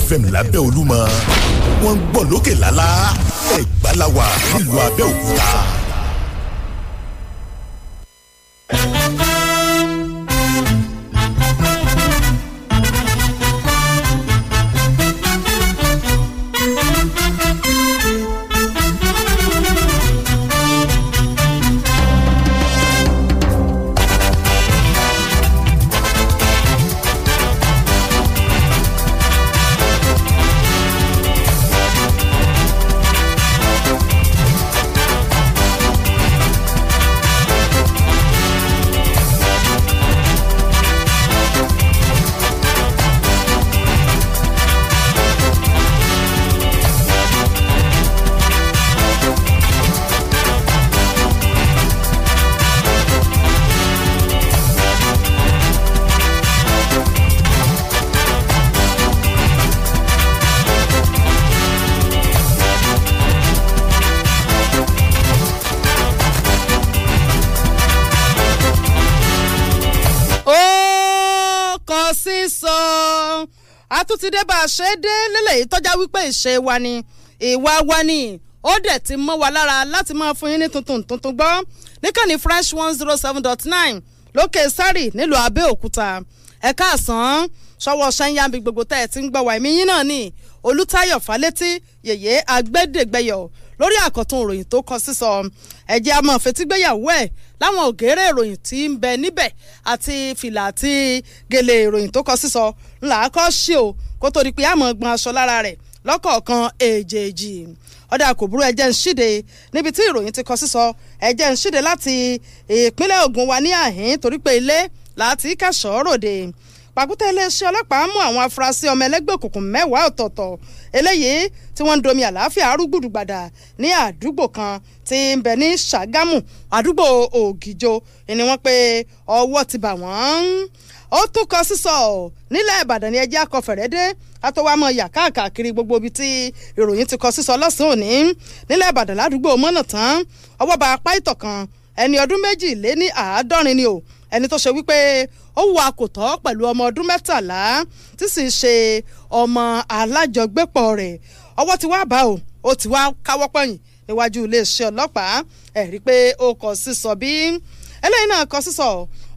FM lábẹ́ Olúmọ wọ́n ń gbọ́ lókè lálá Ẹ̀gbá la wà nílùú Abẹ́òkúta. tún ti dé bá a ṣe é dé lélẹ́yìí tọ́já wípé ìṣe wa ni ìwà wa ni ó dẹ̀ ti mọ́ wa lára láti máa fún yín ní tuntun tuntun gbọ́ níkànnì fresh one zero seven dot nine lókè sárì nílùú abẹ́òkúta ẹ̀ka àsán sọ́wọ́ sanyambi gbogbo tẹ́ ti ń gbọ́ wa ẹ̀mí yín náà ni olùtayọ̀ falẹ́tí yèyé agbẹ́dẹ́gbẹ́yọ̀ lórí àkọ́tún ìròyìn tó kọ sísọ ẹ̀jẹ̀ amọ̀ ẹ̀ láwọn ògèrè ìròyìn tí ń bẹ níbẹ̀ àti fìlà àti gèlè ìròyìn tó kọ sísọ ńlá kọ́ ṣe o kó tó di pé àmọ́ gbọ́n aṣọ lára rẹ̀ lọ́kọ̀ọ̀kan èjèèjì ọ̀dà kò burú ẹjẹ́ ń ṣíde níbi tí ìròyìn ti kọ sísọ ẹjẹ́ ń ṣíde láti ìpínlẹ̀ Ògùn wa ní àhín torí pé ilé láti kẹsàn-án ròde pàkúté iléeṣẹ́ ọlọ́pàá mú àwọn afurasí ọmọ ẹlẹ́gbẹ́ òkùnkùn mẹ́wàá ọ̀tọ̀ọ̀tọ̀ eléyìí tí wọ́n ń domi àlàáfíà arúgbùdùgbàdà ní àdúgbò kan tí ń bẹ ní Ṣàgámù àdúgbò Ògìjo ni wọ́n pé ọwọ́ ti bà wọ́n ó tún kọ sísọ nílẹ̀ Ìbàdàn ní ẹjẹ́ akọfẹ̀rẹ́dẹ́ atọ́wámọ̀ yà káàkiri gbogbo ibi tí ìròyìn ti kọ sísọ lọ́sàn-án òní nílẹ̀ Ìbàdàn ládùúgbò mọ́nà tán ẹni tó ṣe wípé ó wà kò tọ́ pẹ̀lú ọmọ ọdún mẹ́tàlá tí sì ṣe ọmọ alájọgbépọ̀ rẹ̀ ọwọ́ ti wá bá o ó ti wá káwọ́ pọ̀yìn níwájú iléeṣẹ́ ọlọ́pàá ẹ̀ i pé ó kọ sísọ bí eléyìí náà kọ sísọ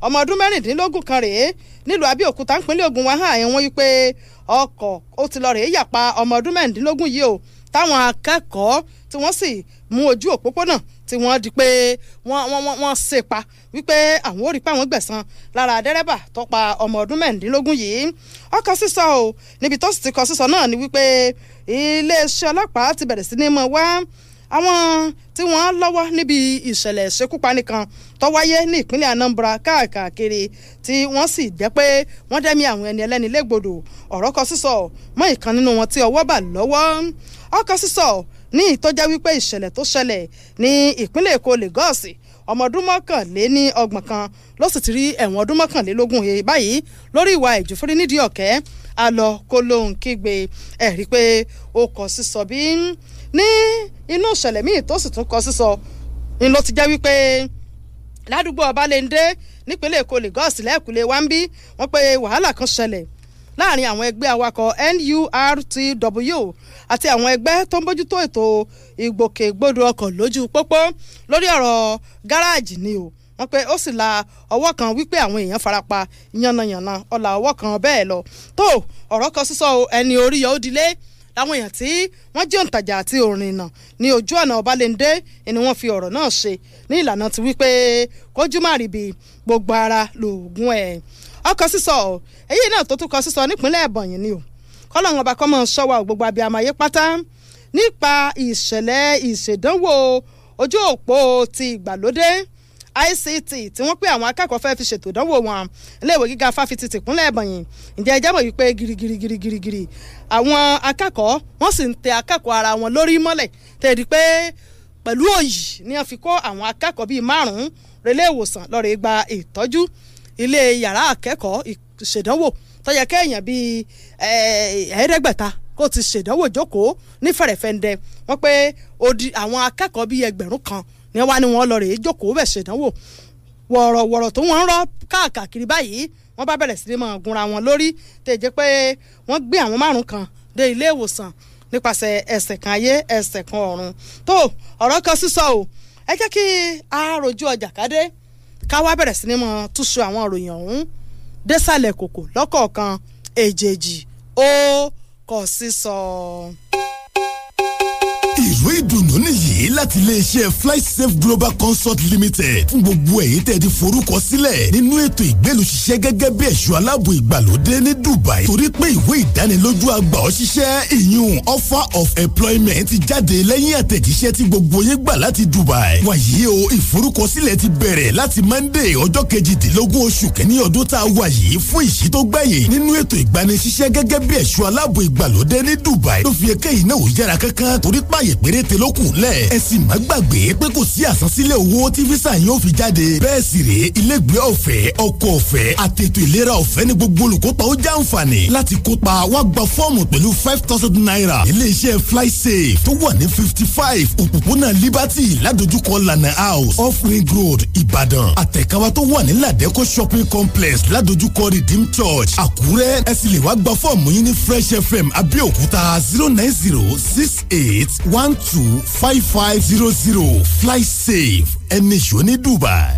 ọmọ ọdún mẹ́rìndínlógún kan rèé nílùú Abẹ́òkúta ńpínlẹ̀ Ògùn wàhán àyẹ̀wò wọ́n yí pé ọkọ̀ ó ti lọ rèé yàpa ọmọ ọdún mẹ́rìndínlógún yìí o táwọn akẹ́kọ̀ọ́ tí wọ́n sì mú ojú òpópónà tí wọ́n di pé wọ́n wọ́n wọ́n wọ́n ṣe pa wípé àwọn ò rí pé àwọn gbẹ̀san lára dẹ́rẹ́bà tó pa ọmọ ọdún mẹ́rìndínlógún yìí ọkọ̀ sísọ o níbi tó sì ti kọ sísọ náà ni wípé iléeṣẹ́ ọlọ́pàá ti bẹ̀rẹ̀ sí ní mọ̀ wá àwọn tí wọ́n lọ́wọ́ níbi ìṣẹ̀lẹ̀ ìṣekúpani kan tó wáyé ní ìpínlẹ̀ Anambra káàkiri tí wọ́n sì jẹ́ pé wọ́n dẹ́mi àwọn ẹni ẹlẹ́ni légbodò ọ̀rọ̀ kọ sísọ mọ́ ìkan nínú wọn tí ọwọ́ bà lọ́wọ́ ọkọ̀ sísọ ní ìtọ́jẹ́ wípé ìṣẹ̀lẹ̀ tó ṣẹlẹ̀ ní ìpínlẹ̀ èkó Lagos ọmọ ọdún mọ́kànléní ọgbọ̀n kan ló sì ti rí ẹ̀wọ̀n ọdún mọ́kànlélógún yìí báyìí lórí ìwà ìjùfúrí nídìí ọ̀kẹ́ alọ kó lóhùn kígbe ẹ̀rí pé ó kọ sísọ bí ní inú ìṣẹ̀lẹ̀ míì tó sì tún kọ sísọ ni ló ti jẹ́ wípé ládùúgbò ọbalẹ́ndé nípínlẹ̀ èkó Lagos lẹ́ẹ̀kúlẹ̀ wá ń bí wọ́n pé wàhálà kan ṣẹlẹ̀ láàrin àwọn ẹgbẹ́ awakọ̀ NURTW àti àwọn ẹgbẹ́ tó ń bójútó ètò ìgbòkègbodò ọkọ̀ lójú pópó lórí ọ̀rọ̀ gáràjì ni o wọ́n pé ó sì la ọwọ́ kan wípé àwọn èèyàn farapa yánnayànna ọ̀la ọwọ́ kan bẹ́ẹ̀ lọ tó ọ̀rọ̀ kan sísọ ẹni orí yọ ó dilé láwọn èèyàn tí wọ́n jí òǹtajà àti òrìnnà ní ojú ọ̀nà ọbalẹ̀ndé ni wọ́n fi ọ̀rọ̀ náà ṣe ní ìlànà tí wípé kójú má ríbi gbogbo ara lòògùn ẹ̀ ọkọ̀ sísọ ọ̀ èyí náà tó tún kọ sísọ nípínlẹ̀ ẹ̀bọ̀nyìn ni o kọ́lọ́run ọba kọ́ mọ̀ ń ṣọ́wà gbogbo abiyamọ ayé pátá nípa ìṣẹ̀lẹ̀ ìṣèdánwò ojú òpó ti ìgbàlódé ICT tí wọ́n pé àwọn akẹ́kọ̀ọ́ fẹ́ fi ṣètò ìdánwò wọn iléèwé gíga fáfitì tìpínlẹ̀ ẹ̀bọ̀nyìn ǹjẹ́ ẹ jábọ̀ wípé girigirigirigiri àwọn akẹ́kọ̀ọ́ wọ́n sì ń tẹ akẹ́kọ̀ọ́ ara wọn lórí mọ́lẹ̀ tẹ̀rí pé pẹ̀lú òyì ni wọ́n fi kó àwọn akẹ́kọ̀ọ́ bíi márùn-ún relé lọ́ọ́ rẹ̀ gba ìtọ́jú ilé yàrá akẹ́kọ̀ọ́ ìṣèdánwò tó yẹ kéèyàn bíi ẹ̀ẹ́dẹ́gbẹ̀ta kó ti ṣèdánwò jókòó ní fẹ̀rẹ̀fẹ̀ǹdẹ wọ́n pé odi àwọn akẹ́kọ̀ọ́ bíi ẹgbẹ̀rún kan ni wọ́n ní wọ́n lọ rèé jókòó bẹ̀ ṣèdánwò wọ̀rọ̀wọ̀rọ̀ tó wọ́n ń rọ́ káàkiri báyìí wọ́n bá bẹ̀rẹ̀ sí ni máa gunra wọn lórí tèjé pé wọ́n gbé àwọn márùn kan dé ilé ìwòsàn nípasẹ̀ ẹsẹ̀ kan ayé ẹsẹ̀ kan ọ̀run tó ọ̀rọ̀ kan sísọ o ẹ jẹ́ kí a ọjà kádé ká wá bẹ̀rẹ̀ sí ni mọ túṣu àwọn ìròyìn ọ̀hún désàlẹ̀ kòkò lọ́kọ̀ọ̀kan èjèèjì ó kọ̀ sísọ ìró ìdùnnú nìyí láti iléeṣẹ́ flysafe global consult limited fún gbogbo ẹ̀yin tẹ́ ti forúkọ sílẹ̀ nínú ètò ìgbélùṣiṣẹ́ gẹ́gẹ́ bí ẹ̀ṣọ́ aláàbò ìgbàlódé ní Dubai torí pé ìwé ìdánilójú àgbà ọ̀ṣiṣẹ́ ìyún offer of employment ti jáde lẹ́yìn àtẹ̀jíṣẹ́ tí gbogbo yín gbà láti Dubai wàyí o ìforúkọsílẹ̀ ti bẹ̀rẹ̀ láti Monday ọjọ́ kejìdínlógún oṣù kìíní ọdún tá a wà yìí fún ìṣí tó gbẹ̀yìn nínú ètò ìgbanisíṣẹ́ gẹ́gẹ́ bí ẹ̀ṣọ́ aláàbò ìgbàlódé ní Dubai ló fi ẹkẹ́ yìí náà ò yára kankan torí pààyè ọ̀sẹ̀ péréte ló kù lẹ̀ ẹ sì má gbàgbé pé kò sí àsansílẹ̀ owó tí fisa yín ó fi jáde bẹ́ẹ̀ sì rèé ilégbèé ọ̀fẹ́ ọkọ̀ ọ̀fẹ́ àtètò ìlera ọ̀fẹ́ ní gbogbo olùkópa ó jàǹfààní láti kópa wá gba fọ́ọ̀mù pẹ̀lú five thousand naira iléeṣẹ́ flysafe tó wà ní fifty five òpópónà liberty ládojúkọ lana house off ring road ìbàdàn àtẹ̀káwá tó wà ní ladeko shopping complex ládojúkọ redeem church àkúrẹ́ ẹ sì lè wá gba fọ́ọ̀mù yín ní fresh fm abẹ́òkúta zero nine zero six eight one one two five five zero zero fly safe ẹni yóò ní dubai.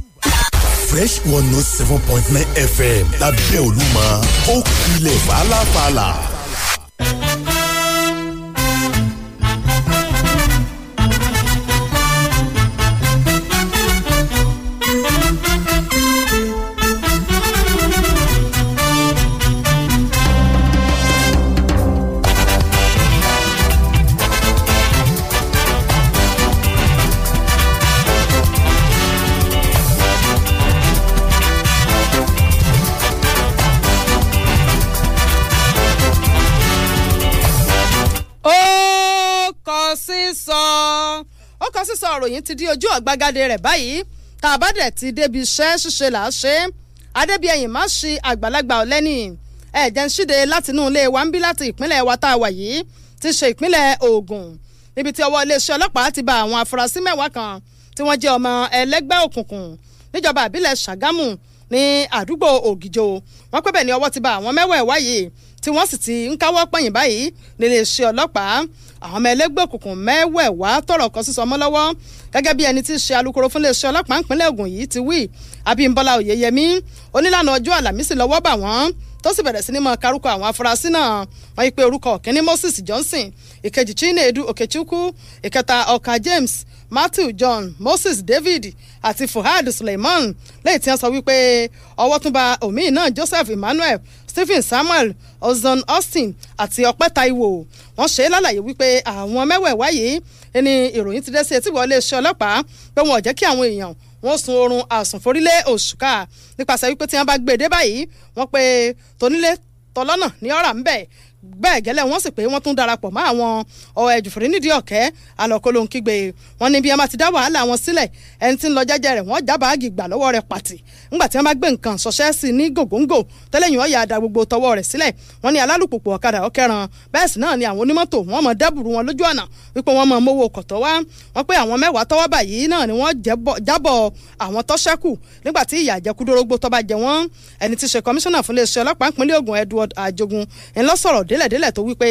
fresh one note oh seven point nine fm lábẹ́ olúmọ ó kulẹ̀ fàlàfàlà. sísọ òròyìn ti di ojú ọ̀gbagadé rẹ̀ báyìí tá a bá dẹ̀ ti débi iṣẹ́ ṣíṣe là á ṣe é adébíyẹyìn má ṣe àgbàlagbà ọ̀lẹ́ni ẹ̀jẹ̀ ń ṣíde látinú ilé wa ń bí láti ìpínlẹ̀ wa tá a wà yìí ti ṣe ìpínlẹ̀ Ògùn níbi tí ọwọ́ iléeṣẹ́ ọlọ́pàá ti ba àwọn afurasí mẹ́wàá kan tí wọ́n jẹ́ ọmọ ẹlẹ́gbẹ́ òkùnkùn níjọba àbílẹ̀ Ṣàgámù ní àdúgbò ògìjò wọ́n pẹ́ bẹ́ẹ̀ ni ọwọ́ ti bà àwọn mẹ́wẹ̀ẹ̀wá yìí tí wọ́n sì ti ń káwọ́ pọ̀yìn báyìí níléeṣẹ́ ọlọ́pàá àwọn ọmọ ẹlẹ́gbẹ́ òkùnkùn mẹ́wẹ̀ẹ̀wá tọ̀rọ̀ kan sísọ mọ́ lọ́wọ́ gẹ́gẹ́ bí ẹni tí í ṣe alukoro fún iléeṣẹ́ ọlọ́pàá ìpínlẹ̀ Ògùn yìí ti wí Abímbọ́lá Oyèyẹmí onílànà ọjọ́ Àlàmísì lọ́wọ́ bà wọ́n tó sì bẹ̀rẹ̀ sí ní mọ kárúkọ àwọn afurasí náà wọ́n yí pé orúkọ kínní Moses Johnson ìkejì Chinedu Okechukwu ìkẹta ọkà James Matthew John Moses David àti Fuhad Suleiman lẹ́yìn tí wọ́n sọ wípé ọwọ́ tún ba omi náà Joseph Emmanuel Stephen Samuel Ozon Austin àti Ọpẹ́ Taiwo wọ́n ṣe é lálàyé wípé àwọn mẹ́wẹ̀ẹ̀wá yìí ẹni ìròyìn ti dé sí etí wọlé iṣẹ́ ọlọ́pàá pé wọn ò jẹ́ kí àwọn èèyàn wọ́n sun oorun àsùnforílé òṣùkà nípasẹ̀ wípé tí wọ́n bá gbé e dé báyìí wọ́n pe tonílé tọlọ́nà ní ọ̀rà ń bẹ̀ bẹ́ẹ̀ gẹ́lẹ́ wọ́n sì pé wọ́n tún darapọ̀ mọ́ àwọn ọ̀ọ́ ẹ̀jùfòrí nídìí ọ̀kẹ́ alọ́kọ́lóhun kígbe wọn níbi ẹ̀ma ti dá wàhálà wọn sílẹ̀ ẹni tí ń lọ jẹ́jẹ́ rẹ̀ wọ́n já báàgì gbà lọ́wọ́ rẹ̀ pàtì ńgbà tí wọ́n bá gbé nǹkan ṣọṣẹ́ sí ní gògóńgò tẹ́lẹ̀yìn ọ̀yà àdá gbogbo tọwọ́ rẹ̀ sílẹ̀ wọ́n ní alálùpùpù ọ̀kadà ọ̀kẹ́ran bẹ́ẹ̀ sì náà ni àwọn onímọ́tò wọ́n mọ̀ dẹ́bùrú wọn lójú ọ̀nà wípé wọ́n mọ̀ mowó kọ̀tọ́ délẹ̀délẹ̀ tó wípé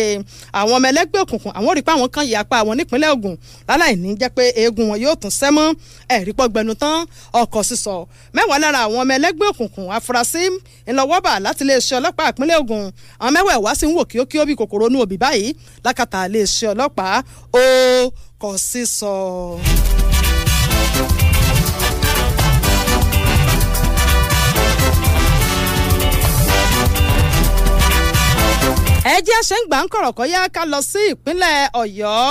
àwọn ọmọ ẹlẹ́gbẹ́ òkùnkùn àwọn rí àwọn kan yà àwọn nípínlẹ̀ Ògùn láláì ní jẹ́ pé eegun wọn yóò tún sẹ́ mọ́ ẹ̀rí pọ́gbẹ́nu tán ọkọ̀ sísọ mẹ́wàá lára àwọn ọmọ ẹlẹ́gbẹ́ òkùnkùn afurasí ńlọwọ́bà láti iléeṣẹ́ ọlọ́pàá ìpínlẹ̀ Ògùn àwọn mẹ́wẹ̀ẹ̀wá sì ń wò kíókíó bí kòkòrò inú òbí báyìí lákàtà iléeṣẹ́ ọlọ́pàá ó kọ̀ sísọ. ẹ jẹ́ àṣẹ ń gbà ń kọ̀rọ̀ kọ́yá ká lọ sí ìpínlẹ̀ ọ̀yọ́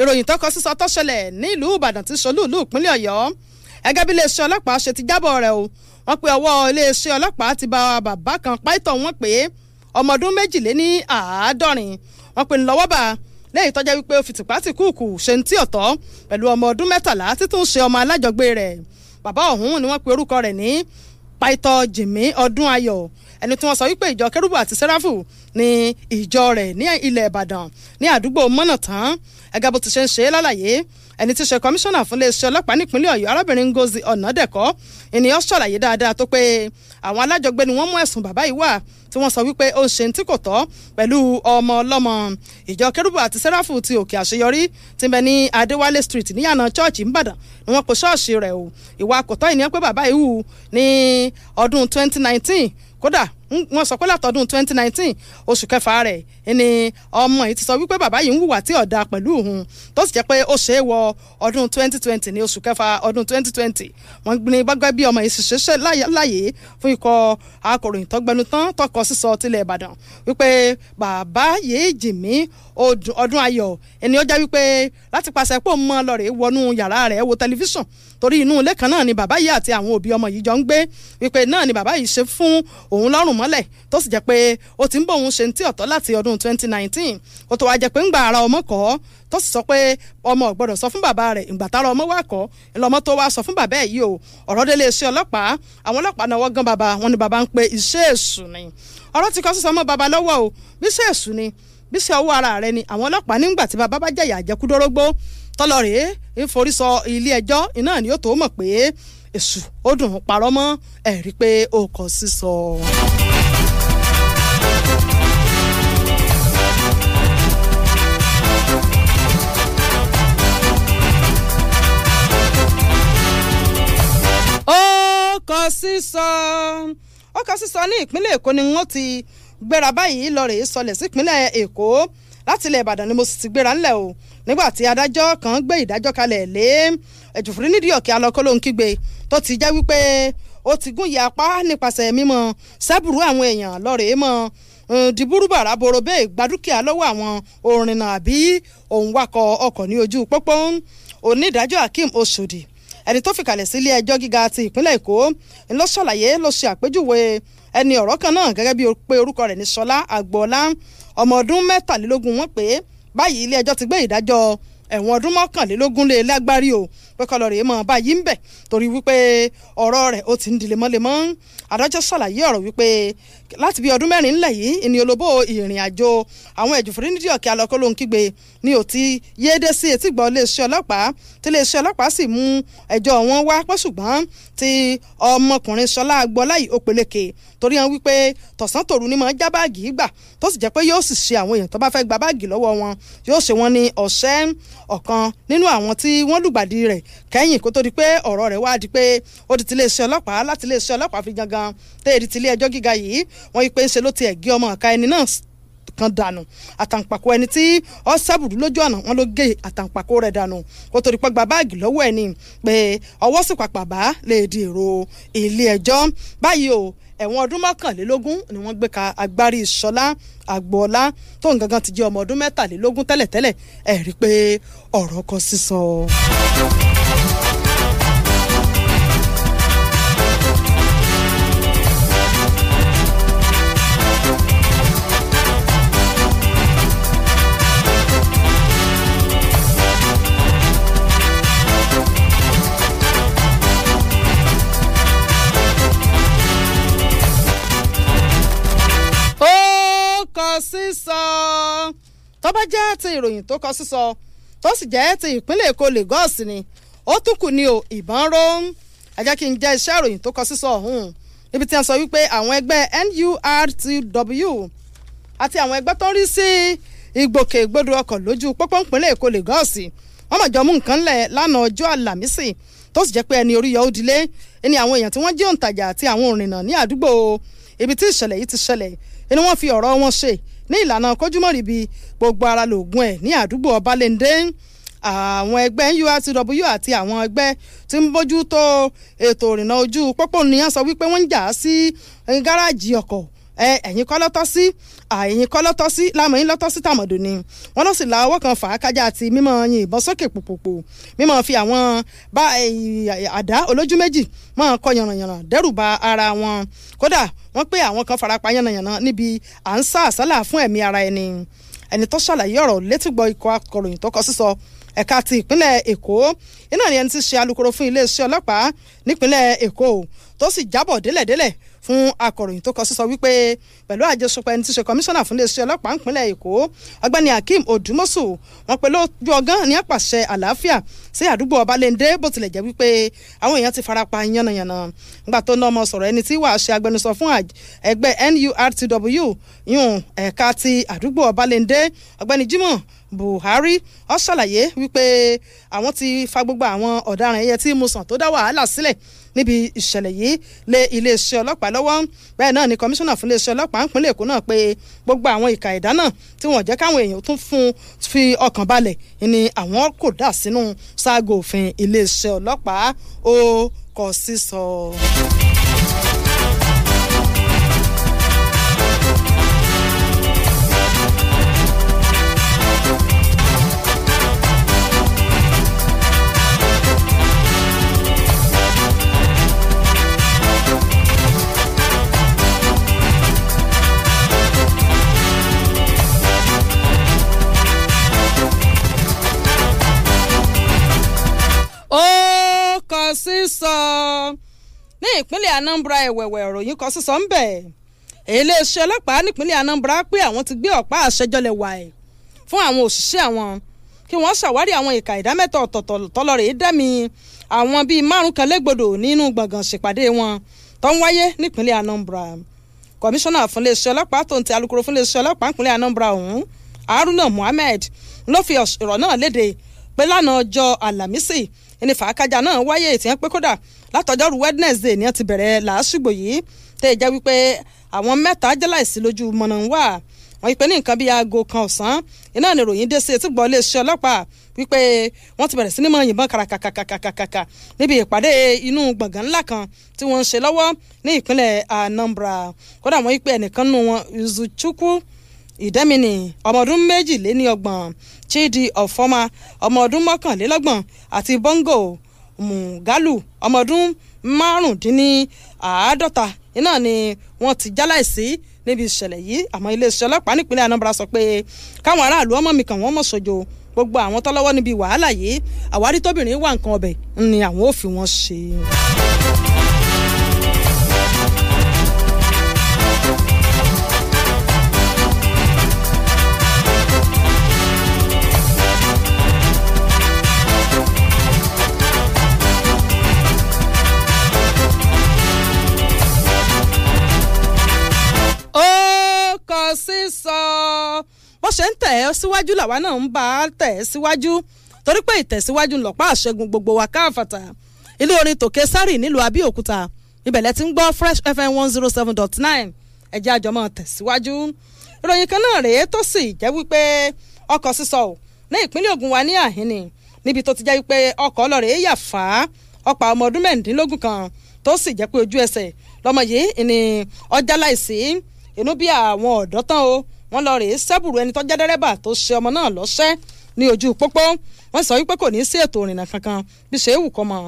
ìròyìn tó kọ sísọ tó ṣẹlẹ̀ ní ìlú ìbàdàn tí ṣolú ìlú ìpínlẹ̀ ọ̀yọ́ ẹgẹ́ bí iléeṣẹ́ ọlọ́pàá ṣe ti jábọ̀ rẹ̀ o wọ́n pe ọwọ́ iléeṣẹ́ ọlọ́pàá ti ba bàbá kan páìtọ̀ wọ́n pé ọmọ ọdún méjìléní àádọ́rin wọ́n pe ńlọ́wọ́ bá lẹ́yìn tọ́jà wípé ó fi tìpátì kúùkù ṣe ń tí ọ̀tọ̀ pẹ̀lú ọmọ ọdún mẹ́tàlá títún ṣe ọmọ alájọgbé rẹ̀ bàbá ọ̀hún ni wọ́n pe orúkọ rẹ̀ ní páìtọ̀ jìmí ọdún ayọ̀ ẹni tí wọ́n sọ wípé ìjọ kérúbù àti sẹ́ráfù ni ìjọ rẹ̀ ní ilẹ̀ ìbàdàn ní àdúgbò mọ́nàtán ẹ̀gá bó ti ṣe ń ṣe é lálàyé ẹni tí í ṣe kọmíṣánná fún iléeṣẹ́ ọlọ́pàá nípínlẹ̀ ọ̀yọ́ arábìnrin ngozi ọ̀nàdẹ̀kọ́ ènìyàn ṣàlàyé dáadáa tó pé àwọn alájọgbé ni wọ́n mú ẹ̀sùn bàbá yìí wà tí wọ́n sọ wípé ó ń ṣe tí kò tọ́ pẹ̀lú ọmọ ọlọ́mọ ìjọ kérúbù àti sẹ́ráfù ti òkè àṣeyọrí ti bẹ ní adéwálé street níyànà chọ́ọ̀chì ńbàdàn ni wọ́n pe ṣọ́ọ̀ṣì rẹ̀ o ìwà kòtọ́ ìníyàn pé bàbá yìí hù ní ọdún 2019 kódà wọ́n sọ pé látọdún 2019 oṣù kẹfà rẹ̀ ni ọmọ yìí ti sọ wípé bàbá yìí ń hùwà tí ọ̀dà pẹ̀lú òun tó sì jẹ́ pé ó ṣe é wọ ọdún 2020 ní oṣù kẹfà ọdún 2020 wọ́n gbin gbẹ́gbẹ́ bí ọmọ yìí sì ṣeéṣe láàyè fún ikọ̀ akọ̀ròyìn tọ́gbẹ́nu tán tọkọ sísọ tilẹ̀ Ìbàdàn wípé bàbá yìí jì mí ọdún ayọ̀ ẹni ó jẹ́ wípé láti pàṣẹ pé òun mọ lọ́ọ̀rẹ́ wọnú yàrá rẹ̀ wo tẹlifíṣàn torí inú ilé kan náà ni bàbá yìí àti àwọn òbí ọmọ yìí jọ ń gbé wípé náà ni bàbá yìí ṣe fún òun lọ́rùn mọ́lẹ̀ tó sì jẹ́ pé ó ti ń bọ̀ òun ṣe ń tí ọ̀tọ̀ láti ọdún 2019 kó tó wá jẹ́ pé ń gba ara ọmọ kọ́ tó sì sọ pé ọmọ ò gbọ́dọ̀ sọ fún bàbá rẹ̀ ìgbà tára ọmọ wà kọ́ ńlọmọ tó wá sọ fún bàbá yìí o ọ̀rọ̀ délé iṣẹ́ ọlọ́pàá àwọn ọlọ́pàá náà wọ́n gan bàbá wọn ni bàbá ń pe iṣẹ́ èṣù ni ọ̀rọ̀ ti kọ́ sísọ mọ́ bàbá lọ́wọ́ o bí iṣẹ́ èṣù ni bí iṣẹ́ ọwọ́ ara rẹ ni àwọn ọlọ́pàá nígbà tí bàbá bá jẹ̀yà àjẹkúdórógbó tọ́lọ̀ rèé ń forí sọ ilé ẹjọ́ iná ni ó tó mọ̀ pé èṣù ó dùn parọ́ mọ́ ẹ̀rí pé ó kọ sísọ. ó kọ sísọ ó kọ sísọ ní ìpínlẹ̀ èkó ni wọ́n ti gbéra báyìí lọ rèé sọlẹ̀ sípínlẹ̀ èkó láti ilẹ̀ ìbàdàn ni mo sì ti gbéra ńlẹ̀ o nígbà tí adájọ́ kan gbé ìdájọ́ kalẹ̀ lé ẹ̀jùfúrí nídìí ọ̀kẹ́ alọ́kọ́ ló ń kígbe tó ti já wípé ó ti gún ìyá apá nípasẹ̀ mímọ sábùrú àwọn èèyàn lọ́rẹ̀ẹ́ mọ́ dìbúrúbàrà borobé gbadúkìá lọ́wọ́ àwọn òrìnnà àbí òun wakọ̀ ọkọ̀ ní ojú pópó onídàájọ́ Hakeem Oshodi ẹni tó fìkàlẹ̀ sí ilé ẹjọ́ gíga ti ìpínlẹ̀ Èkó ló ṣàlàyé ló ṣe àpèjúwe ẹni ọ̀rọ̀ kan náà gẹ́gẹ́ bí pé orúkọ rẹ̀ ní Ṣọlá Agboola ọmọ ọdún mẹ́tàlélógún wọ́n pé báyìí ilé ẹjọ́ ti gbé ìdájọ́ ẹ̀wọ̀n ọdún mọ́kànlélógún lé lágbárí o pé kọ́ lọ rèé mọ́ bá yí ń bẹ̀ torí wípé ọ̀rọ̀ rẹ̀ ó ti ń di lemọ́lemọ́ adájọ́ ṣàlàyé ọ̀rọ̀ wípé láti bí ọdún mẹ́rin ńlẹ̀ yìí ìní olóbó ìrìn àjò àwọn ẹ̀jùfúrí nídìí ọ̀kẹ́ alọ́kọ́ ló ń kígbe ní òtí yéédé sí etígbọ́ iléeṣẹ́ ọlọ́pàá tí iléeṣẹ́ ọlọ́pàá sì mú ẹjọ́ wọn wá pé ṣùgbọ́n ti ọmọkùnrin Ṣọlá Agbọ́láyì Òpeléke torí wọn wípé tọ̀sán tòru ni máa ń já báàgì gbà tó sì jẹ́ pé yóò sì ṣe àwọn èèyàn tó bá fẹ́ gba báàgì lọ́wọ́ wọn yóò ṣe wọn ní ọ̀sẹ́ ọ̀kan nínú àwọn tí wọ́n lùgbàdì rẹ̀ kẹ́yìn kó tó di pé ọ̀rọ̀ rẹ̀ wá di pé ó ti tiléeṣẹ́ ọlọ́pàá láti iléeṣẹ́ ọlọ́pàá fi gangan téèrè tilé ẹjọ́ gíga yìí wọ́n yí pé ń ṣe ló ti ẹ̀gẹ́ ọmọ ọ̀ka ẹni náà kan dànù àtàǹpàkò ẹni tí ọ sábùdú lójú ọ̀nà wọn ló gé àtàǹpàkò rẹ̀ dànù kó torí pé gba báàgì lọ́wọ́ ẹni pé ọwọ́ sì pàpà bá lè di èrò ilé ẹjọ́ báyìí o ẹ̀wọ̀n ọdún mọ́kànlélógún ni wọ́n gbé ka agbárí Ṣọlá Agboola tó ń gangan ti jẹ́ ọmọ ọdún mẹ́tàlélógún tẹ́lẹ̀tẹ́lẹ̀ ẹ̀rí pé ọ̀rọ̀ kan sísọ. tó bá jẹ́ ti ìròyìn tó kọ sísọ tó sì jẹ́ ti ìpínlẹ̀ èkó Lagos ni ó tún kù ní o ìbọn ró ẹ jẹ́ kí n jẹ́ iṣẹ́ ìròyìn tó kọ sísọ ọ̀hún níbi tí wọ́n sọ wípé àwọn ẹgbẹ́ NURTW àti àwọn ẹgbẹ́ tó ń rí sí ìgbòkègbodò ọkọ̀ lójú pópó ìpínlẹ̀ èkó Lagos wọ́n mọ̀jọ́ mú nǹkan lẹ̀ lánàá ọjọ́ àlàmísì tó sì jẹ́ pé ẹni orí yọ ó dilé ẹni àwọn èèyàn tí wọ́n jẹ́ òǹtajà àti àwọn òrìnnà ní àdúgbò ibi tí ìṣẹ̀lẹ̀ yìí ti ṣẹlẹ̀ ẹni wọ́n fi ọ̀rọ̀ wọn ṣe ní ìlànà kójúmọ́rìbí gbogbo ara lògùn ẹ̀ ní àdúgbò ọbalẹ́ndé àwọn ẹgbẹ́ nurtw àti àwọn ẹgbẹ́ tí ń bójú tó ètò ìrìnnà ojú pópó nìyẹn sọ wípé wọ́n ń jà sí gáràjì ọkọ̀ ẹ̀yin kọ́ lọ́tọ́ sí ẹ̀yin kọ́ lọ́tọ́ sí lámọ̀ yín lọ́tọ́ sí tàmọ̀dò ni wọ́n lọ́ sì la ọwọ́ kan fà á kájà àti mímọ́ yin ìbọn sókè pòpòpò mímọ́ fi àwọn bá àdá olójú méjì máa kọ yànnàyànnà dẹ́rù ba ara wọn kódà wọ́n pé àwọn kan farapa yànnàyànnà níbi à ń sá àsálà fún ẹ̀mí ara ẹni ẹni tó ṣàlàyé ọ̀rọ̀ létígbọ́ ikọ̀ akọ̀ròyìn tó kọ sísọ ẹ̀ka ti ìpínlẹ̀ èkó iná ni ẹni tí ṣe alukoro fún iléeṣẹ́ ọlọ́pàá nípínlẹ̀ èkó tó sì jábọ̀ délẹ̀délẹ̀ fún akọ̀ròyìn tó kọ sí sọ wípé pẹ̀lú àjọṣepọ̀ ẹni tí ṣe kọmíṣánná fún iléeṣẹ́ ọlọ́pàá ìpínlẹ̀ èkó ọgbẹ́ni akeem odùmọ́sù wọn pẹ̀lú ojú ọgán ní àpàṣẹ àlàáfíà sí àdúgbò ọbalẹ́ndé bó tilẹ̀ jẹ́ wípé àwọn èèyàn ti farapa yánnayànna nígbà tó ná ọmọ sọ̀rọ̀ ẹni tí wàá ṣe agbẹnusọ fún ẹgbẹ́ nurtw yún ẹ̀ka ti àdúgbò ọbalẹ́ndé ọgbẹ́ni jimoh buhari ó ṣàlàyé wípé àwọn ti fa gbogbo àwọn ọ̀daràn ẹyẹ tí musan tó dá wàhálà sílẹ̀ níbi ìṣẹ̀lẹ̀ yìí lé iléeṣẹ́ ọlọ́pàá lọ́wọ́ bẹ́ẹ̀ náà ni kọmíṣánná fún iléeṣẹ́ ọlọ́pàá ọlọ́pàá ìpínlẹ̀ Èkó náà pé gbogbo àwọn ìka ẹ̀dá náà tí wọ́n jẹ́ káwọn èèyàn tún fún fi ọkàn balẹ̀ ni àwọn kò dà sínú ságo òfin iléeṣẹ́ ọlọ́pàá ó kọ sísọ. sísọ ní ìpínlẹ̀ anambra ẹ̀wẹ̀wẹ̀ ìròyìn kan sísọ ń bẹ̀ iléeṣẹ́ ọlọ́pàá nípínlẹ̀ anambra pé àwọn ti gbé ọ̀pá àṣẹjọlẹ̀ wàì fún àwọn òṣìṣẹ́ àwọn kí wọ́n ṣàwárí àwọn ìka ìdámẹ́ta ọ̀tọ̀ọ̀tọ̀ tọlọ́rẹ̀ dẹ́mi àwọn bíi márùn kan légbodò nínú gbọ̀ngàn ṣèpàdé wọn tó ń wáyé nípínlẹ̀ anambra kọmíṣánná fún iléeṣẹ́ ọlọ́pàá tó ń tẹ alukoro fún iléeṣẹ́ ọlọ́pàá nípínlẹ̀ anambra ọ̀hún haruna muhammed ló fi ọ̀rọ̀ náà léde pé lánàá ọjọ́ àlàmísì ẹni fàákàjà náà wáyé ìtìyàn pé kódà látọjọ́rú Wednesday ni wọ́n ti bẹ̀rẹ̀ làásùgbò yìí tẹ́ ẹ jẹ́ wípé àwọn mẹ́ta jẹ́láìsí lójú mọ̀nà ń wà wọ́n pè ní nǹkan bíi aago kan ọ̀sán iná ni ìròyìn dé sí etí gbọ́ iléeṣẹ́ ọlọ́pàá wípé wọ́n ti bẹ̀rẹ̀ sí ní mọ̀ yìnbọn kàràkàkàkàkàkà níbi ìpàdé inú gbọ̀ngàn ńlá kan tí wọ́n ń ṣe lọ́wọ́ ní ìpínlẹ̀ Anambra kódà wọ́n pè ẹnìkan nù wọn Uzuchukwu ìdẹ́mìnì ọmọ ọdún méjìléníọgbọ̀n chidi ọ̀fọ́mà ọmọ ọdún mọ́kànlélọ́gbọ̀n àti bongo mugalu ọmọ ọdún márùndínláàádọ́ta iná ni wọ́n ti jáláìsí níbi ìṣẹ̀lẹ̀ yìí àmọ́ iléeṣẹ́ ọlọ́pàá nípínlẹ̀ anambra sọ pé káwọn aráàlú ọmọ mi kàn wọ́n mọ̀ ṣojo gbogbo àwọn tọ́lọ́wọ́ níbi wàhálà yìí àwárí tóbìnrin wà nǹkan ọbẹ̀ ni àwọn ò fi wọ́n ṣe. ń sọ bó ṣe ń tẹ̀ ẹ́ síwájú làwa náà ń bá a tẹ̀ ẹ́ síwájú torí pé ìtẹ̀síwájú ńlọ́pá àṣẹgun gbogbo wa káàfàtà ilé orin tòkè sárì nílùú Abẹ́òkúta ibẹ̀lẹ̀ ti ń gbọ́ Fresh FM one zero oh seven dot nine ẹ̀jẹ̀ àjọmọ́ tẹ̀síwájú ìròyìn kan náà rèé tó sì jẹ́ wípé ọkọ̀ sísọ ò ní ìpínlẹ̀ Ògùn wa ní àhínì níbi tó ti jẹ́ wípé ọkọ̀ ọlọ́rẹ̀ yà fà á ọ̀pá ọmọ ọdún mẹ́rìndínlógún kan tó sì jẹ́ pé ojú ẹsẹ̀ lọ́mọ yìí ni ọjà láìsí inú bí àwọn ọ̀dọ́ tán o wọ́n lọ rèé sẹ́bùrù ẹni tó jẹ́ dẹ́rẹ́bà tó ṣe ọmọ náà lọ́ṣẹ́ ní ojú pópó wọ́n sọ wípé kò ní sí ètò ìrìnnà kankan bí ṣe é wù kọ́ mọ́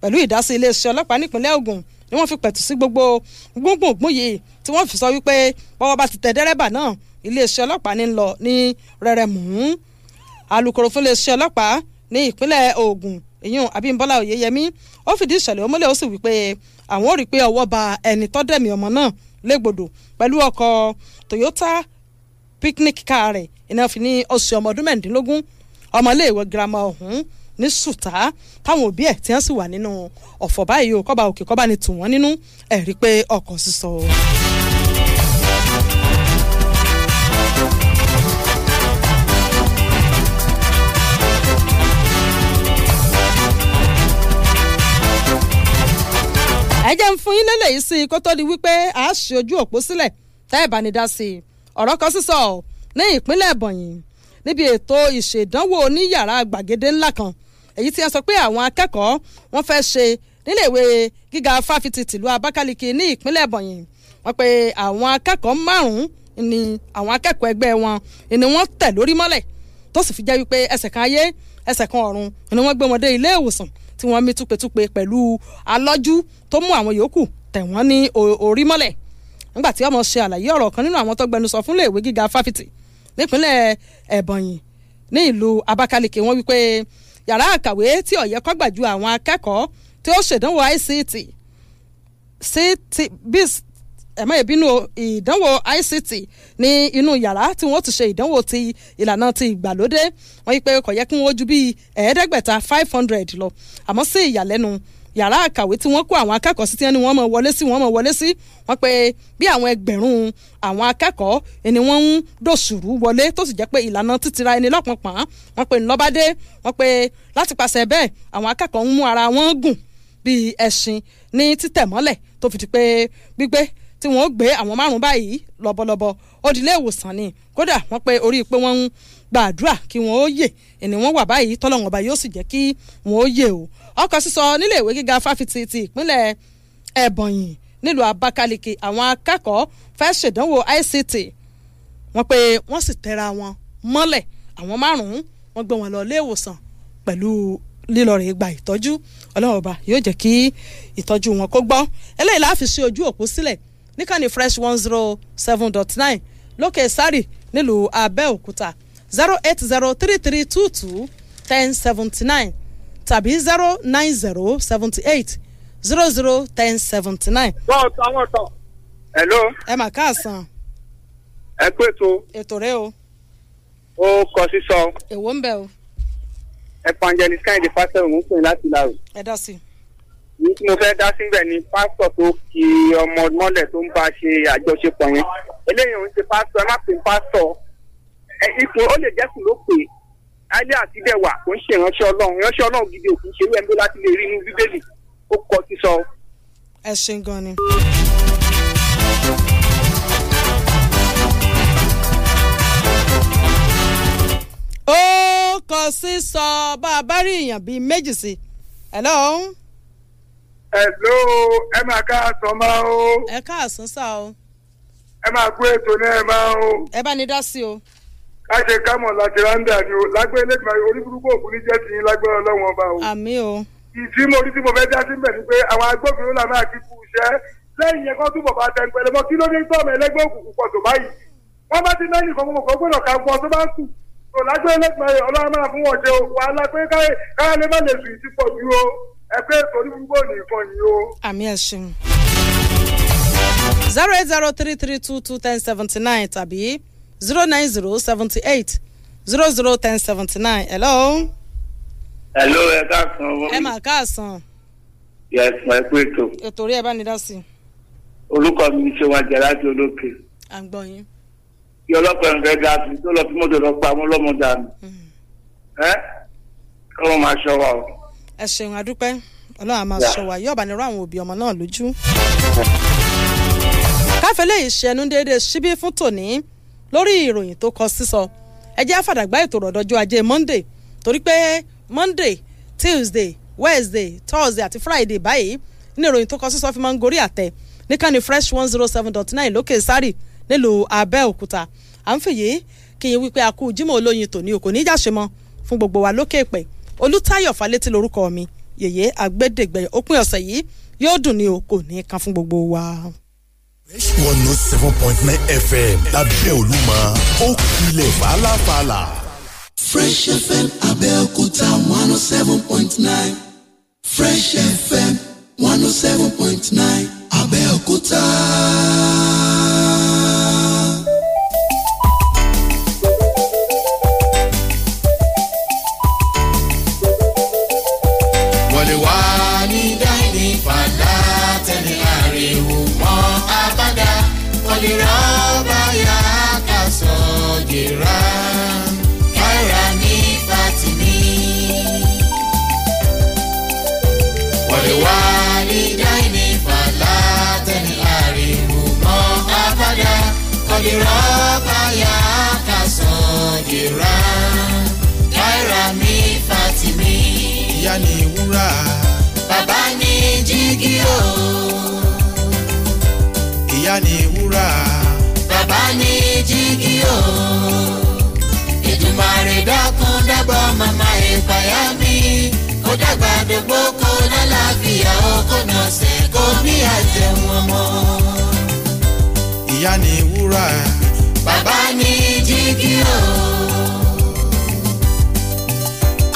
pẹ̀lú ìdásí iléeṣẹ́ ọlọ́pàá nípínlẹ̀ Ògùn ni wọ́n fi pẹ̀tù sí gbogbo gbùngbùngbùn yìí tí wọ́n fi sọ wípé bọ́wọ́ bá ti tẹ̀ dẹ́rẹ́bà náà iléeṣẹ́ ọlọ́pàá ní lọ ní rẹ̀rẹ̀mú alukoro fún iléeṣẹ́ ọlọ́pàá ní ìpínlẹ̀ Ògùn ìyún Abímbọ́lá Oyèyẹmí ó fìdí ìṣẹ̀lẹ̀ òmùlẹ̀ ó sì wípé àwọn ò rí pé ọwọ́ ba ẹni tó dẹ̀mí ọmọ náà légbodò pẹ̀lú ọkọ̀ Toyota picnic car rẹ̀ iná fi ní ọ̀sẹ̀ ọmọ ọdún mẹ́rìndínlógún ọmọléèwé girama ọ̀hún ní sùtá táwọn òbí ẹ̀ tí wọ́n sì wà nínú ọ̀fọ̀ báyìí o kọ́ba òkè kọ́ba ni tù wọ́n nínú ẹ̀rí pé ọkọ̀ sísọ. yìí sí i kó tó di wípé a ṣe ojú òpó sílẹ̀ tá ẹ̀ bá ní dá sí i ọ̀rọ̀ kan sísọ ní ìpínlẹ̀ Ebonyi níbi ètò ìṣèdánwò oníyàrá gbàgede ńlá kan èyí tí wọ́n sọ pé àwọn akẹ́kọ̀ọ́ wọ́n fẹ́ ṣe níléèwé gíga fáfitì tìlú Abakaliki ní ìpínlẹ̀ Ebonyi wọ́n pe àwọn akẹ́kọ̀ọ́ márùn-ún ni àwọn akẹ́kọ̀ọ́ ẹgbẹ́ wọn ni wọ́n tẹ̀ lórí mọ́lẹ̀ tó sì fi jẹ́ wípé ẹsẹ̀ kan ayé ẹsẹ̀ kan ọ̀run ni wọ́n gbé wọn dé ilé ìwòsàn tí wọ́n mí túpetúpe pẹ̀lú alọ́jú tó mú àwọn yòókù tẹ̀ wọ́n ní orí mọ́lẹ̀ nígbà tí ọmọ ṣe àlàyé ọ̀rọ̀ kan nínú àwọn tó gbẹnusọ fún iléèwé gíga fáfitì nípínlẹ̀ ẹ̀bọ̀nyì ní ìlú abakaliki wọ́n wípé yàrá àkàwé tí ọ̀yẹ́ kọ́gbà ju àwọn akẹ́kọ̀ọ́ tí ó ṣèdánwò ICT CT bis ẹ̀mọ́ ìbínú ìdánwò ICT ní inú yàrá tí wọ́n ti ṣe ìdánwò ti ìlànà ti ìgbàlódé wọ́n yí pé kò kí wọ́n ju bíi ẹ̀ẹ́dẹ́gbẹ̀ta five hundred lọ àmọ́ sí ìyàlẹ́nu yàrá àkàwé tí wọ́n kó àwọn akẹ́kọ̀ọ́ sí tí wọ́n ní wọ́n mọ̀ wọlé sí wọ́n mọ̀ wọlé sí wọ́n pe bí àwọn ẹgbẹ̀rún àwọn akẹ́kọ̀ọ́ ẹni wọ́n ń dòṣùrú wọlé tó sì jẹ́ pé ìlànà títira ẹni lọ́pọ̀npọ̀n wọ́n pe ńlọ́bádé wọ́n pe láti pàṣẹ bẹ́ẹ̀ àwọn akẹ́kọ̀ọ́ ń mú ara wọn gùn bíi ẹṣin ní títẹ̀ mọ́lẹ̀ tó fi di pé gbígbé tí wọ́n gbé àwọn márùn báyìí lọ́bọ̀lọ́bọ̀ ó ìwòsàn ni kódà wọ́n pe orí pé wọ́n ń gbàdúrà kí wọ́n ó yè ẹni wà báyìí tọ́lọ́wọ́n ọba yóò sì jẹ́ kí wọ́n ó yè o ọkọ̀ sísọ nílé ìwé gíga fáfitì ti ìpínlẹ̀ ẹ̀bọ̀nyì nílùú abakaliki àwọn akẹ́kọ̀ọ́ fẹ́ ṣèdánwò ict wọ́n pé wọ́n sì tẹra wọn mọ́lẹ̀ àwọn márùn-ún wọ́n gbé wọn lọ ilé ìwòsàn pẹ̀lú lílọ rè gba ìtọ́jú ọlọ́run ọba yóò jẹ́ kí ìtọ́jú wọn kó gbọ́ eléyìí láàfin ṣe ojú òpó sílẹ̀ níkànnì fresh one zero seven dot nine lókè sárì nílùú abẹ́òkúta zero eight zero three three two two ten seventy nine tàbí zero nine zero seventy eight zero zero ten seventy nine. wọ́n tán wọ́n tán. hello. ẹ mà káàsán. ẹ pé ètò. ètò rẹ o. ó kọ sísọ. èwo ń bẹ o. evangelist kẹ́hìndé pásítọ̀ òun pè láti làrú. ẹ dá sí i ní tí mo fẹ́ dá síbẹ̀ ni pásítọ̀ tó ki ọmọ mọ́lẹ̀ tó ń bá ṣe àjọṣepọ̀ yẹn eléyìí òun ṣe pásítọ̀ ẹ má pè pásítọ̀ ipò ó lè jẹ́sùn ló pè ayé àtidẹwà kò ń ṣe ìránṣẹ́ Ọlọ́run ìránṣẹ́ Ọlọ́run gidi òkú ṣe irú ẹnbó láti lè rí inú bíbélì ó kọ sísọ. ẹ ṣe gan ni. ó kọ sísọ bá a bá rí èèyàn bíi méjì sí i. hello. hello ẹ máa káàsán máa o. ẹ káàsán sá o. ẹ máa gbé ètò náà máa o. ẹ bá ní dá sí o. láti kámọ̀ láti rándà ni o lágbẹ́ lẹ́gbẹ̀ẹ́ orí burúkú òkú ní jẹ́ tìyín lágbẹ́ ọlọ́wọ́n ọba o. àmì o. ìdí mo rí tí mo fẹ́ já sí mbẹ̀ ni pé àwọn agbófinró làwọn àti kú iṣẹ́ lẹ́yìn yẹn kó túbọ̀ bá tẹ̀ ń pẹlẹmọ kí ló dé tọ́ ọmọ ẹlẹ́gbẹ́ òkùnkùn pọ̀ tó báyìí wọ́n bá ti zero nine zero seventy eight zero zero ten seventy nine hello. hello ẹ káàsán owó mi. ẹ máa káàsán. yes ma ẹ kú ètò. ètò rí ẹ bá ní dá sí. orúkọ mi ṣe wọn jẹ láti olókè. à ń gbọ́ yín. kí ọlọ́pàá ń fẹ́ dáa sí tó lọ fún mọ́tò lọ pa àwọn ọlọ́mọ dànù. Hmm. ẹ ọlọ́run máa ṣọ́ wa o. ẹ ṣeun adúpẹ́ ọlọ́run a máa ṣọ́ wa yóò bá ní rọ àwọn òbí ọmọ náà lójú. káfíńlẹ̀ ìṣẹ́nu déédéé síbí fún tòní lórí ìròyìn tó kọ sísọ ẹ jẹ́ àfàdàgbà ètò ọ̀dọ́jú ajé monday torí pé monday tuesday wednesday thursday àti friday báyìí ní ìròyìn tó kọ sísọ fi máa ń gorí àtẹ níkànnì fresh one zero oh seven dot nine lókè sáré nílùú abẹ́òkúta à ń fìyí kí n wípé akú jimoh olóyin tòní òkò níjà ṣe mọ́ fún gbogbo wa lókè èpè olùtayọ̀ falẹ́tì lorúkọ mi yèyé àgbẹ̀dẹ̀gbẹ̀ òpin ọ̀sẹ̀ yìí yóò dùn ní o kò ní kan fún gbogbo wa fresh one fm lábẹ́ olúmọ ó kilẹ̀ fàlàfàlà. fresh fm abẹ́òkúta one oh seven point nine fresh fm one oh seven point nine abẹ́òkúta. ajá ní wúrà. bàbá ní jígí o.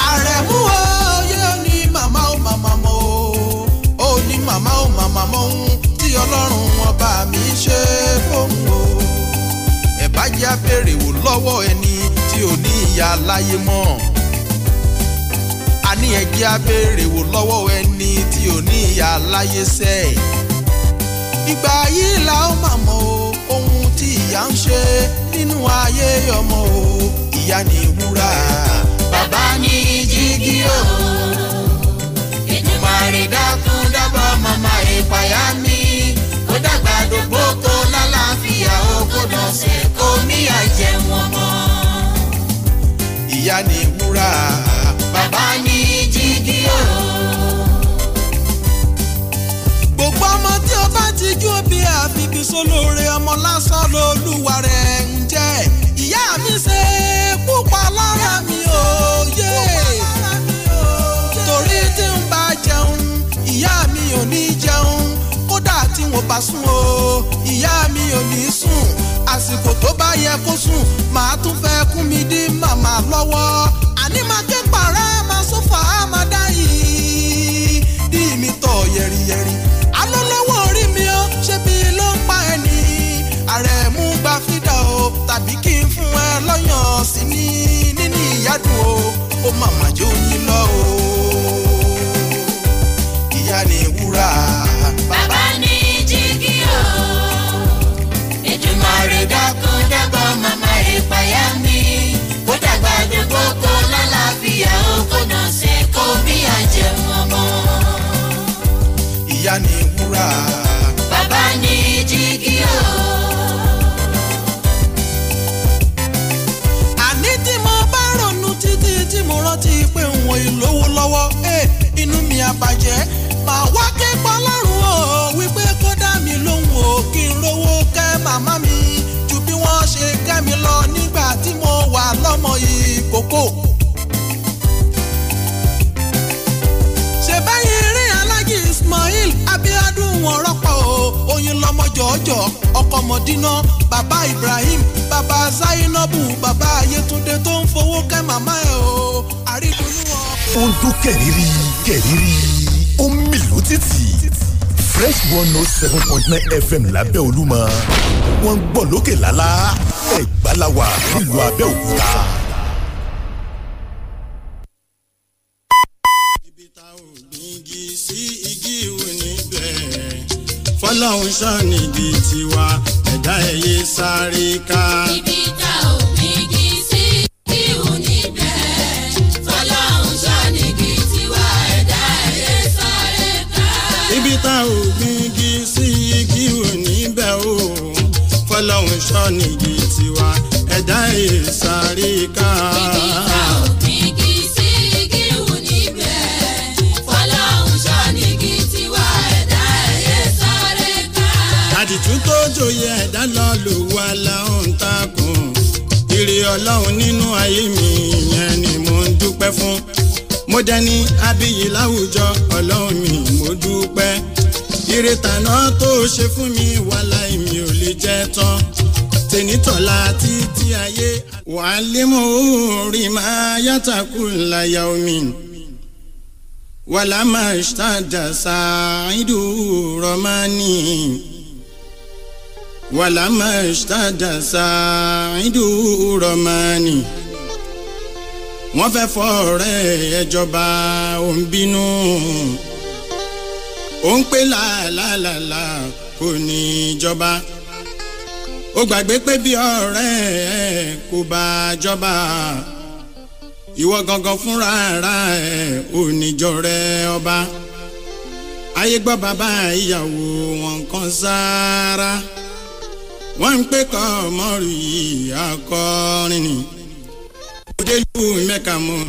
àrẹ̀mú o yóò o màmá mọ́ o ó ní o màmá mọ́ ohun mi ṣe fóun o. ẹ̀bá jẹ́ abẹ́rẹ́ wò lọ́wọ́ ẹni tí ò ní ìyá láyé mọ́ a ní ẹjẹ́ abẹ́rẹ́ wò lọ́wọ́ ẹni tí ò ní ìyá láyé sẹ́ẹ̀ ìgbà yìí la ó mọ̀ o tí ìyá ń ṣe nínú ayé ọmọ o ìyá ni wúrà. bàbá ní jígí o Èdùmàrè dákun dábọ̀ màmá ìpayà mi kó dàgbà dògbò kó lálàáfíà ó kó dọ̀sẹ̀ kó míyà jẹun ọmọ. ìyá ni wúrà. máa sùn o ìyá mi ò ní sùn àsìkò tó bá yẹ kó sùn màá tún fẹ́ kún mi dí màmá lọ́wọ́ àní máa ké pàrẹ́ máa sọ́fà máa dá yìí dí mi tọ̀ yẹ̀rìyẹ̀rì alólọ́wọ́ orí mi ó ṣe bí ló ń pa ẹni ààrẹ mú gba fídà o tàbí kí n fún ẹ lọ́yàn sí ní níní ìyádùn o ó màmá jó yín lọ o ìyá ni wúrà. kókó. ṣèbáyé eré alájì Ismail Abíọ́dún wọn oyin lọmọ jọjọ ọkọ mọdínà bàbá Ibrahim bàbá Zainabu bàbá Ayétúndé tó ń fowó kẹ́ màmá ẹ̀ o àrídùnú ó ń dún kẹ̀rìírí kẹ̀rìírí ó ń mì lótìtì fresh one note oh seven point nine fm lábẹ́ olúmọ wọ́n ń gbọ́ lókè lálá ẹ̀gbá la wà nílùú abẹ́òkúta. ibi tá ò ní kí sí kí ò ní bẹ́ẹ̀ tiwa ẹ̀dá ẹ̀yẹ sáré ká. ibi tá ò ní kí o fọlọ́run ṣàn nídìí tiwa ẹ̀dá ẹ̀yẹ sáré ká. ọlọ́run nínú ayé mi ìyẹn ni mo ń dúpẹ́ fún mo dẹni abiyì láwùjọ ọlọ́run mi mo dúpẹ́ ire tàná tó ṣe fún mi wàhálà èmi ò lè jẹ́ tán tẹ̀nítọ̀la títí ayé. wàá lé mọ́ orí máa yàtà kù láyà omi wàlámà ṣàdà ìdúró rọ́mánì. ولما اشتد ساعد رماني wọ́n fẹ́ fọ́ọ̀rẹ́ ẹjọba ò ń bínú ó ń pè làálàálà kò ní jọba ó gbàgbé pé bí ọ̀rẹ́ ẹ kò bá jọba ìwọ gangan fúnra ara ẹ ò ní jọrẹ ọba ayé gbọ́ bàbá ìyàwó wọn kan sáárá wọ́n ń pè kàn mọ́rù yìí akọrin ni. òdelu mẹ́ka mọ́